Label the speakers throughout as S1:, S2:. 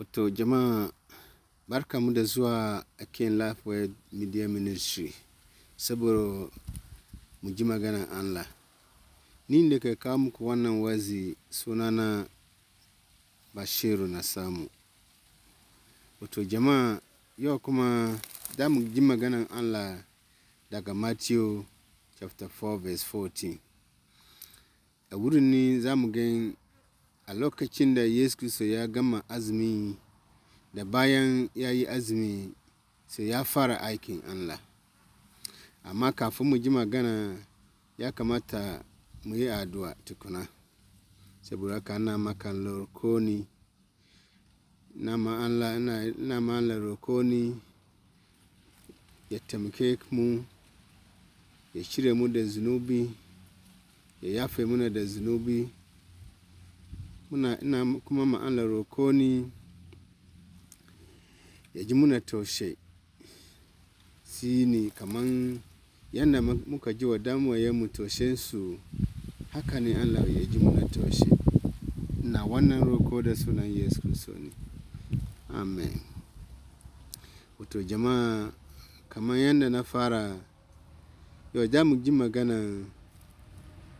S1: Wato jama'a barka mu da zuwa a kan Lifeway Media Ministry saboda mu ji maganar Allah. Ni da ka kawo muku wannan wazi sunana Bashiru na samu. Wato jama'a yau kuma za mu ji maganan Allah daga Matthew chapter 4 verse 14. A wurin ne za mu gan a lokacin da yesu kristo ya gama azumi da bayan ya yi azumi sai ya fara aikin allah amma kafin mu ji magana ya kamata mu yi addu'a tukuna saboda haka ana maka roko ni na ma'ala roko ni ya taimake mu ya cire mu da zunubi ya yafe muna da zunubi muna ina kuma ma'ala roko ni ya ji muna taushe shi ne kaman yadda muka ji wa taushe su haka ne allah ya ji muna taushe na wannan roko da sunan yesu kristo ne amen wato jama'a kamar yadda na fara yau za mu ji magana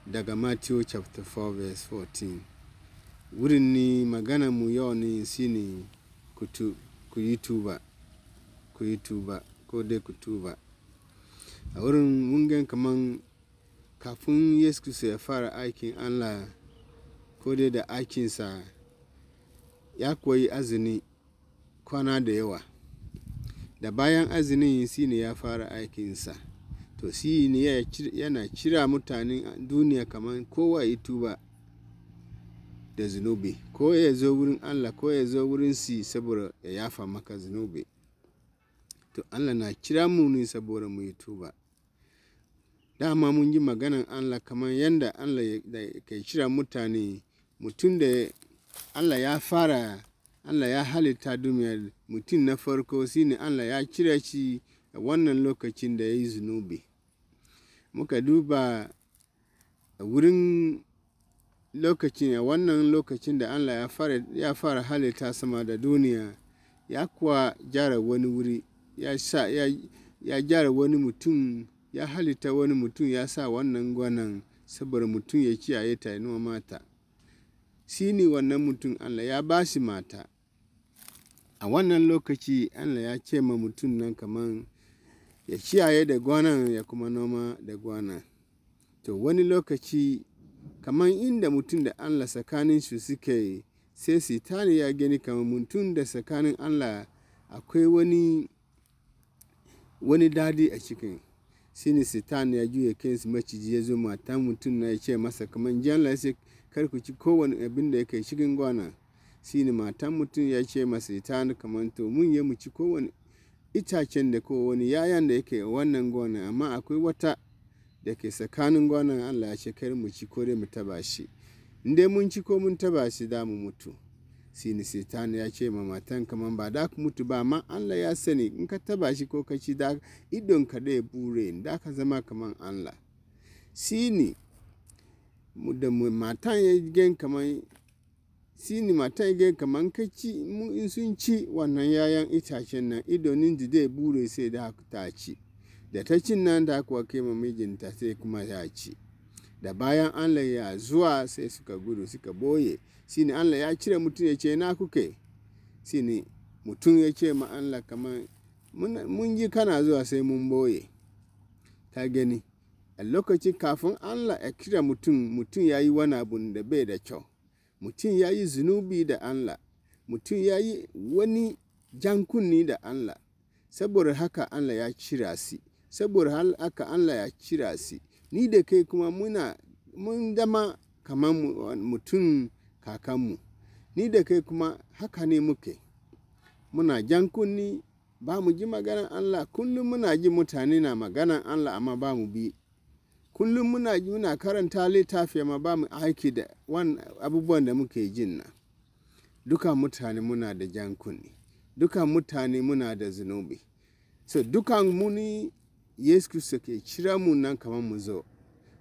S1: daga matthew chapter 4 verse 14 Wurin ni magana mu yau ne shi ku tu, ku yi tuba, ku yi tuba ko dai ku tuba. A wurin mun kaman kafin Yesu kusa ya fara aikin Allah ko dai da aikinsa ya koyi azini kwana da yawa. Da bayan shi ne ya fara aikinsa. To shi ne yana kira mutanen duniya kaman kowa yi tuba. da zunubi ko ya zo wurin Allah ko ya zo wurin si saboda ya yafa maka zunubi to Allah na kira mu ne saboda mu yi tuba dama mun yi maganan Allah kamar yadda Allah ke kira mutane mutum da Allah ya fara Allah ya halitta duniya mutum na farko ne Allah ya kira shi a wannan lokacin da ya yi zunubi muka duba wurin lokaci ne wannan lokacin da Allah ya fara halitta sama da duniya ya kuwa gyara wani wuri ya gyara wani mutum ya halitta wani mutum ya sa wannan gwanan saboda mutum ya kiyaye ta yi mata ta shi ne wannan mutum Allah ya ba shi mata a wannan lokaci Allah ya ce ma mutum nan kaman ya kiyaye da gwanan ya kuma noma da gwanan. to wani lokaci Kamar inda mutum da Allah su suke, sai Sitana ya gani kamar mutum da tsakanin Allah akwai wani, wani daɗi a cikin Shi ne ya juya kansa maciji ya zo matan mutum na ya ce masa kamar ji Allah ya ce kar ku ci kowane abin da kai cikin gonan. Shi ne matan mutum ya ce masa sitani kamar to mun yi mu ci kowane itacen da kowane 'ya'yan da yake wannan gwana amma akwai wata. da ke tsakanin gwanon Allah ya ce kar mu ci ko dai mu taba shi in dai mun ci ko mun taba shi za mu mutu sini sitani ya ce ma matan kaman ba da ku mutu ba amma Allah ya sani in ka taba shi ko ka ci da idon ka da ya bure da ka zama kaman Allah sini da matan ya gen kaman sini matan ya gen kaman ka ci in sun ci wannan yayan itacen nan idonin da bure sai da ta ci da ta cin nan da kuwa ke ma mijinta sai kuma ya ci da bayan allah ya zuwa sai suka gudu suka boye ne allah ya cire mutum ya ce na kuke ne mutum ya ce ma allah kamar mun ji kana zuwa sai mun boye ta gani a lokaci kafin allah ya kira mutum mutum ya yi wani abun da bai da kyau mutum ya yi zunubi da allah mutum ya yi wani jankunni da allah saboda haka allah ya cira si saboda aka Allah ya cira su ni da kai kuma muna mun zama kamar mutum kakanmu ni da kai kuma haka ne muke muna jan kunni ba mu ji maganar Allah kullum muna ji mutane na magana Allah amma ba mu bi kullum muna ji muna karanta littafi amma ba mu aiki da abubuwan da muke jin na Duka mutane muna da jan kunni dukan mutane muna da zunubi so dukan muni yesu kristo ke cire mu nan kamar mu zo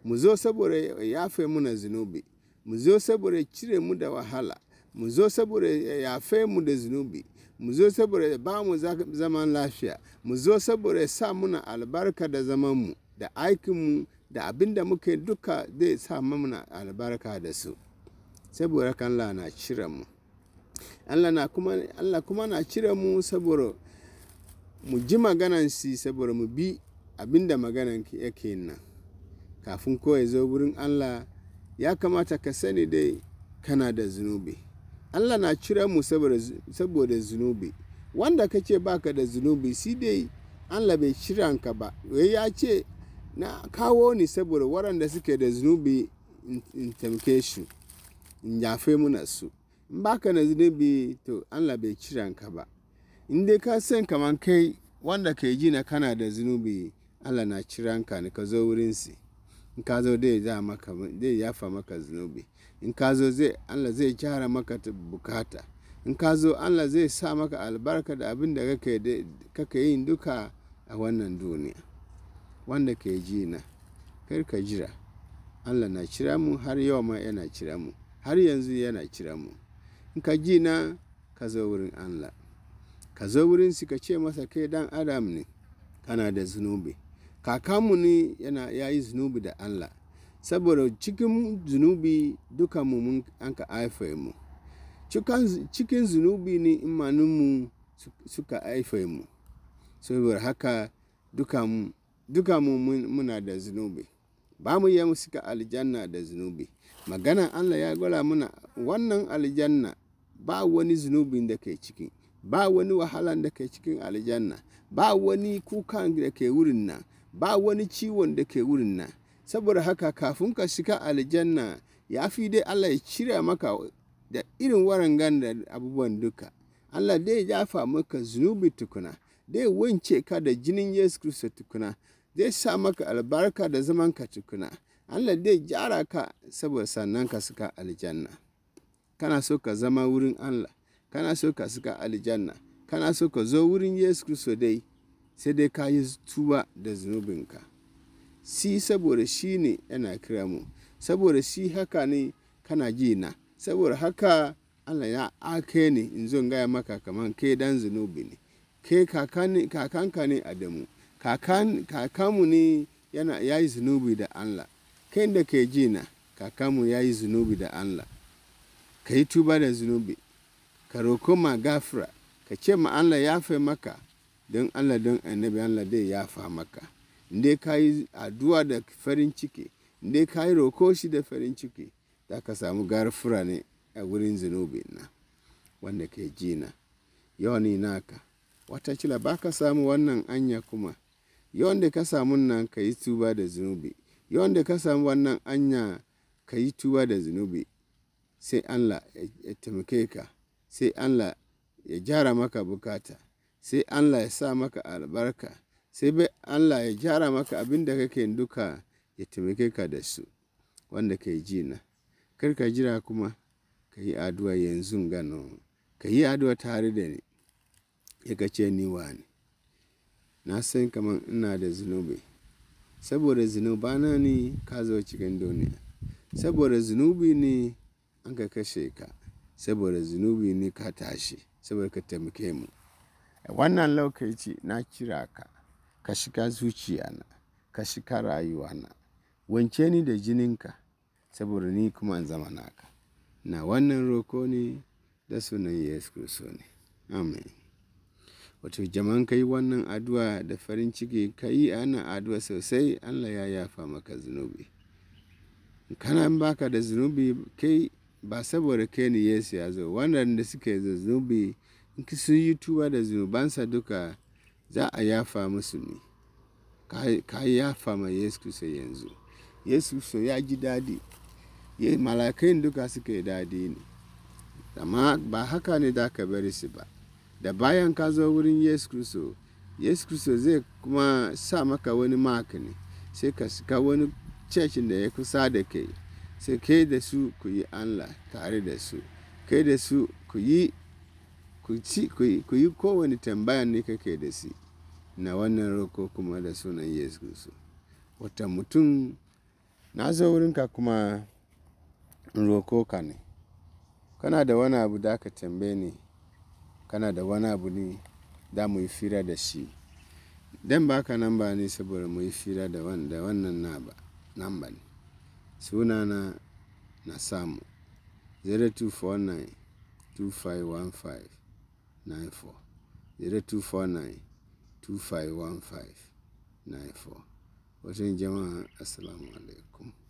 S1: mu zo saboda ya yafe muna zunubi mu zo saboda cire mu da wahala mu zo saboda ya yafe mu da zunubi mu zo saboda ba mu zaman lafiya mu zo saboda ya sa muna albarka da zaman mu da mu da abin da muke duka zai sa muna albarka da su saboda kan Allah na cire mu Allah na kuma Allah kuma na cire mu saboda mu ji maganan si saboda mu bi abinda maganan yake nan kafin kawai zo wurin Allah ya kamata ka sani dai kana da zunubi Allah na cire mu saboda zunubi wanda kace baka da zunubi si dai Allah bai cire ka ba ya ce na kawo ni saboda waɗanda suke da zunubi in tamke shi in yafe muna su in baka na zunubi to Allah bai cire ka ba in dai ka san kaman kai wanda ka ji na kana da zunubi allah na ciran ka ne ka zo wurinsa in ka zo dai za maka zai yafa maka zunubi in ka zo zai allah zai gyara maka bukata in ka zo allah zai sa maka albarka da abin da kake yin duka a wannan duniya wanda ke ji na kar ka jira allah na cira mu har yau ma yana cira mu har yanzu yana cira mu in ka ji na ka zo wurin allah ka zo wurin su ka ce masa kai dan adam ne kana da zunubi kakanmu ne yana ya yi zunubi da Allah saboda cikin zunubi duka mun an ka mu cikin zunubi ne imaninmu suka haifai mu saboda haka duka mun muna da zunubi ba mu yi suka aljanna da zunubi magana Allah ya gwada muna wannan aljanna ba wani zunubin da ke ciki ba wani wahala da ke cikin aljanna ba wani kuka da ke wurin nan ba wani ciwon da ke wurin nan. Saboda haka kafin ka shiga Aljanna ya fi dai Allah ya cire maka da irin warangan da abubuwan duka. Allah dai ya yafa maka zunubi tukuna, dai wance ka da jinin Yesu Kristo tukuna, dai sa maka albarka da zaman ka tukuna. Allah dai gyara ka saboda sannan ka suka Aljanna. Kana so ka zama wurin Allah, kana so ka suka Aljanna, kana so ka zo wurin Yesu Kristo dai sai dai ka yi tuba da zunubinka si saboda shi ne yana kira mu saboda shi haka ne kana ji na saboda haka allah ya ake ne in zo gaya maka kamar ke dan zunubi ne ke kakanka ne a damu kakanmu ne yana ya yi zunubi da allah kai da ke ji na kakanmu ya yi zunubi da allah ka yi tuba da zunubi ka roko ma gafira ka ce ma allah ya fe maka don Allah don annabi Allah dai ya fa maka dai ka yi addu'a da farin ciki dai ka yi roko shi da farin ciki za ka samu garfura ne a wurin zunubi na wanda ke jina yawani naka wata cila ba ka samu wannan anya kuma yawan da ka samu nan ka yi tuba da zunubi yawan da ka samu wannan anya ka yi tuba da zunubi sai Allah ya taimake ka sai Allah ya jara maka bukata sai Allah ya sa maka albarka sai bai Allah ya gyara maka abin da kake duka ya taimake ka da su wanda ka yi jina kar ka jira kuma ka yi addu'a yanzu gano ka yi addu'a tare da ni ya ce ni wani na san kamar ina da zunubi saboda na ni ka zo cikin duniya saboda zunubi ne an ka kashe ka saboda zunubi ne ka tashi saboda ka taimake mu Wannan lokaci na kira ka, ka shiga na, ka shiga rayuwana. Wance ni da jininka saboda ni kuma in zama naka. Na wannan roko ne da sunan Yesu Kiristi ne. Amen. Wato jaman ka wannan addu'a da farin ciki. Ka yi ana addu'a sosai Allah ya yafa maka zunubi. Kana in baka da zunubi kai ba saboda kai ne Yesu ya zo. Waɗanda suke da zunubi in sun yi tuba da zunubansa duka za a yafa musu ne ka yi yafa ma yesu kristo yanzu yesu so ya ji daɗi malakai duka suka yi daɗi ne amma ba haka ne da ka bari su ba da bayan ka zo wurin yesu kristo yesu kristo zai kuma sa maka wani mark ne sai ka suka wani cecin da ya kusa da kai sai kai da su ku yi allah tare da su kai da su ku yi ku ci ku yi kowane tambaya ne kake da shi na wannan roko kuma da sunan yesu su wata mutum na zo wurinka kuma roko ka ne kana da wani abu da aka tambaye ni kana da wani abu ne da mu yi fira da shi dan baka namba ne saboda mu yi fira da wannan namba ne sunana na samu 0249 2515 94 2515 94 wajen jama'a assalamu alaikum